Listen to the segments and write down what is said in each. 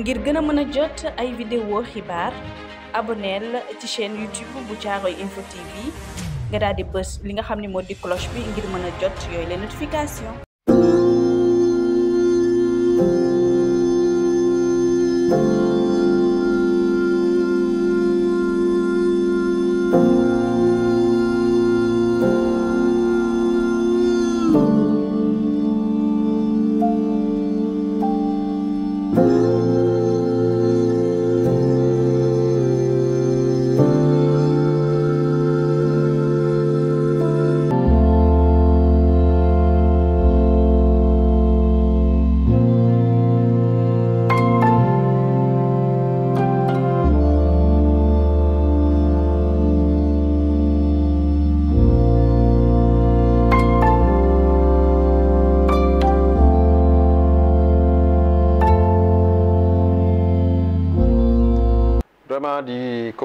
ngir vous a mën a à ay vidéo chaîne YouTube bu Caaroy info TV nga daal di cloche notification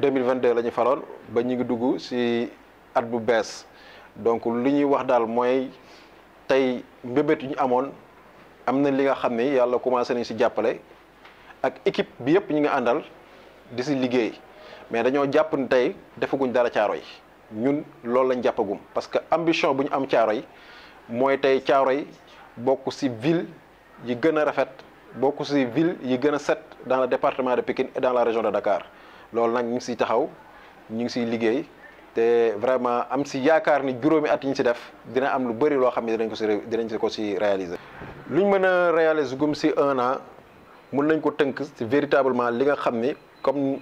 2022 lañu ñu ba ñi ngi dugg ci at bu bees donc li ñuy wax dal moy tay mbebet yu ñu amone amna li nga xamné yalla commencé ni ci jappalé ak équipe bi yépp ñi nga andal di ci liggéey mais dañoo japp ni tey defaguñ dara Caaroy ñun loolu lañ jappagum parce que ambition bu am Caaroy moy tey Caaroy bokku ci ville yi gëna rafet bokku ci ville yi gëna set dans le département de Pikine et dans la région de Dakar loolu nag ñu ngi siy taxaw ñu ngi siy liggéey te vraiment am si yaakaar ni juróomi at yi ñu si def dina am lu bëri loo xam ne dinañ ko si dinañ ko si réaliser. luñ mën a réaliser gum si un an mun nañ ko tënk si véritablement li nga xam ni comme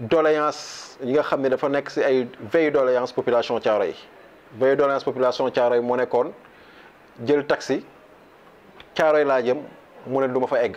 doléance li nga xam ne dafa nekk si ay veille doléance population Thiaroye yi veille doléance population Thiaroye moo nekkoon jël taxi Thiaroye laa jëm mu ne du ma fa egg.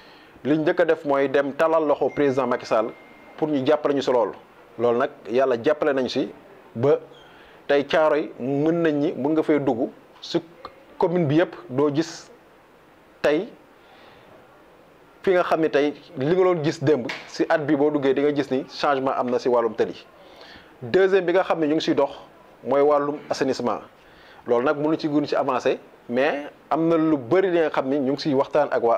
liñ ñu def moy dem talal loxo président Macky Sall pour ñu jàppale ñu si lool lool nak yalla jappalé nañ ci ba tay caaro yi mën nañ ni mën nga fay dugg si commune bi yépp do gis tay fi nga xamni tay li nga doon gis demb si at bi bo duggé di nga gis ni changement amna ci si tali deuxième bi nga xamni ñu ngi ci dox moy walum assainissement lool nak mënu ci si avancer mais amna lu bari li nga xamni ñu ngi ci waxtaan ak wa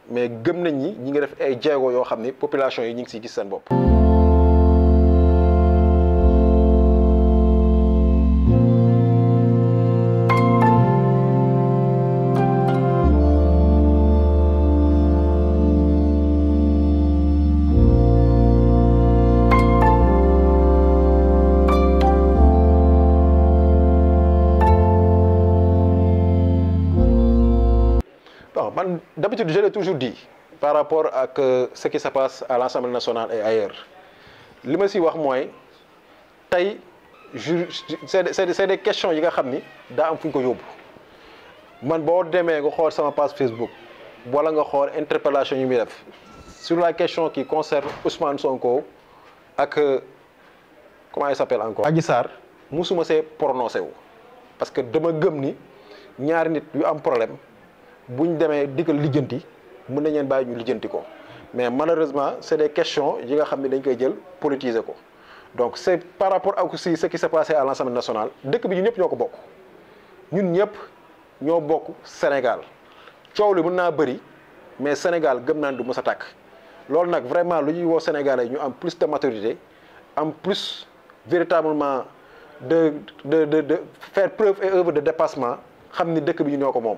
mais gëm nañ ñi ñi ngi def ay jéego yoo xam ne population yi ñu ngi siy gis seen bopp. d'habitude je l'ai toujours dit par rapport à ce qui se passe à l'Assemblée nationale et ailleurs Ce que je veux dire, c'est des questions que nga xam ni Je am fu ko yóbbu man bo demee nga xor sama page Facebook wala nga xor interpellation yu mi sur la question qui concerne Ousmane Sonko ak euh, comment il s'appelle encore Adji Sarr musuma see prononcer parce que dama gëm ni ñaar nit yu am problème buñ démé demee dikkal mëna mën nañ ñu lijjanti ko mais malheureusement c'est des questions yi nga xamni dañ koy jël politiser ko donc c'est par rapport à aussi ce qui s'est passé à l'Assemblée nationale dëkk bi ñun ñëpp ñoo ko bokk ñun ñëpp ño bokk Sénégal coow li mën bëri mais Sénégal gëm na du mësa tak lool nak vraiment lu ñuy wo Sénégalais ñu am plus de maturité am plus véritablement de de de de faire preuve et œuvre de dépassement xamni ni dëkk bi ñu ñoo ko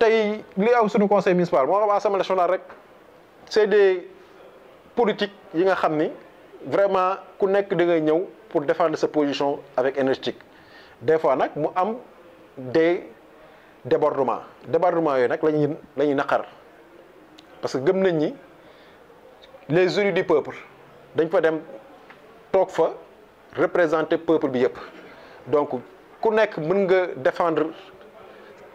Aujourd'hui, ce aw conseil municipal moo xam assemblée rek c'est des politiques qui nga vraiment ku nekk pour défendre sa position avec énergétique des fois il mu am des débordements Les débordements sont les la parce que gëm nañ ni les élus du peuple ils ne dem pas fa représenter peuple bi donc ku peut défendre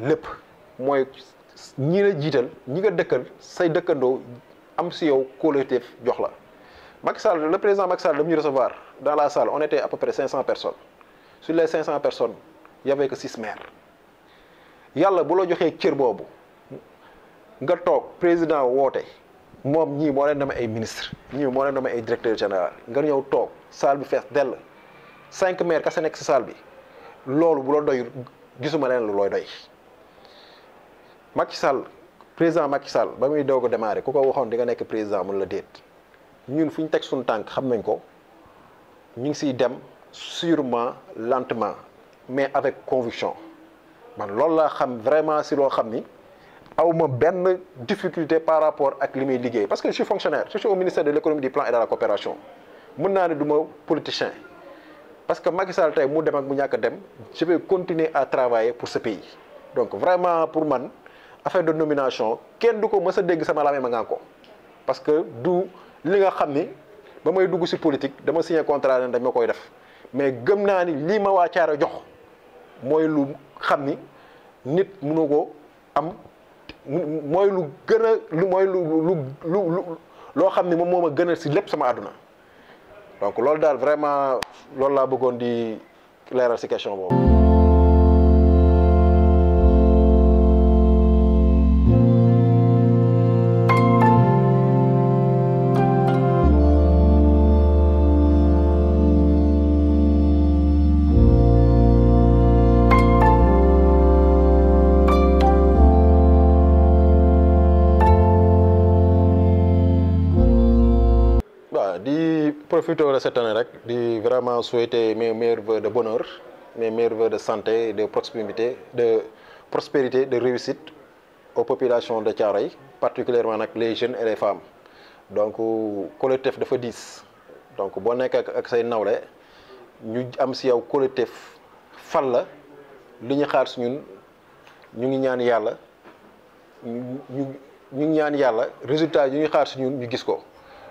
lépp mooy ñii la jiital ñi nga dëkkal say dëkkandoo am si yow collectif jox la Macky Sall le président Macky Sall daf ñu recevoir dans la salle on était à peu près 500 personnes sur les 500 personnes y avait que 6 maires yàlla bu la joxee cër boobu nga toog président woote moom ñii moo leen dama ay ministre ñii moo leen dama ay directeur général nga ñëw toog salle bi fees dell cinq maires kese nekk si bi loolu bu la doy gisuma leen lu looy doy. Macky Sall président Macky Sall ba muy démarrer ku ko waxoon di nga nekk président mun la déet ñun Nous, tek teg suñu tànk xam nañ ko ñu ngi siy dem sûrement lentement mais avec conviction man lool la xam vraiment si lo xam ni aw ma difficulté par rapport ak limay muy liggéey parce que je suis fonctionnaire je suis au ministère de l'économie du plan et de la coopération mën naa ne politicien parce que Macky Sall tey mu dem ak mu ñàkk dem je vais continuer à travailler pour ce pays donc vraiment pour man. affaire de nomination kenn du ko mës a dégg sama lame ma ngaa ko parce que du li nga xam ni ba may dugg si politique dama signé contrat ne ma koy def mais gëm naa ni lii ma waa Thiaré jox mooy lu xam ni nit mënu ko am mooy lu gën a lu mooy lu lu lu loo xam ni moom moo ma gënal si lépp sama àdduna donc loolu daal vraiment loolu laa bëggoon di leeral si question boobu. profiter de cette année rek vraiment souhaiter mes meilleurs de bonheur mes meilleurs de santé de proximité de prospérité de réussite aux populations de Tiaray, particulièrement les jeunes et les femmes donc collectif de 10. donc si vous ak say nous avons am collectif fal la ñu xaar ñun ñu ngi résultat de ñu xaar nous ñun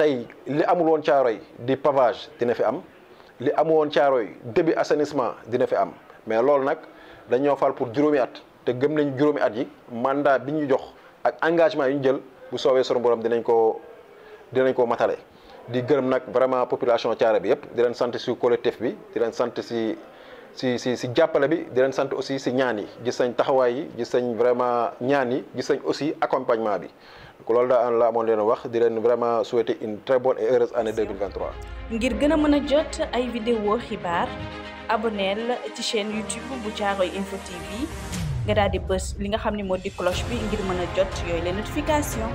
tey li amul woon caaroy di pavage dina fi am li amul woon caaroy début assainissement dina fi am mais loolu nag dañoo fal pour juróomi at te gëm nañ juróomi at yi mandaa bi ñu jox ak engagement yi ñu jël bu soowee sunu borom dinañ ko dinañ ko matale di gërëm nag vraiment population Thiaré bi yëpp di leen sant si collectif bi di leen si si si si jappale bi di len sante aussi si ñaani yi gis nañ taxawaay yi gis nañ vraiment ñaani yi gis nañ aussi accompagnement bi ko lol da an la amoon len wax di len vraiment souhaiter une très bonne et heureuse année 2023. ngir gëna mëna jot ay vidéo xibar abonnel ci chaîne YouTube bu jaaro info TV nga daal di bës li nga xamni mo di cloche bi ngir mëna jot yoy les notifications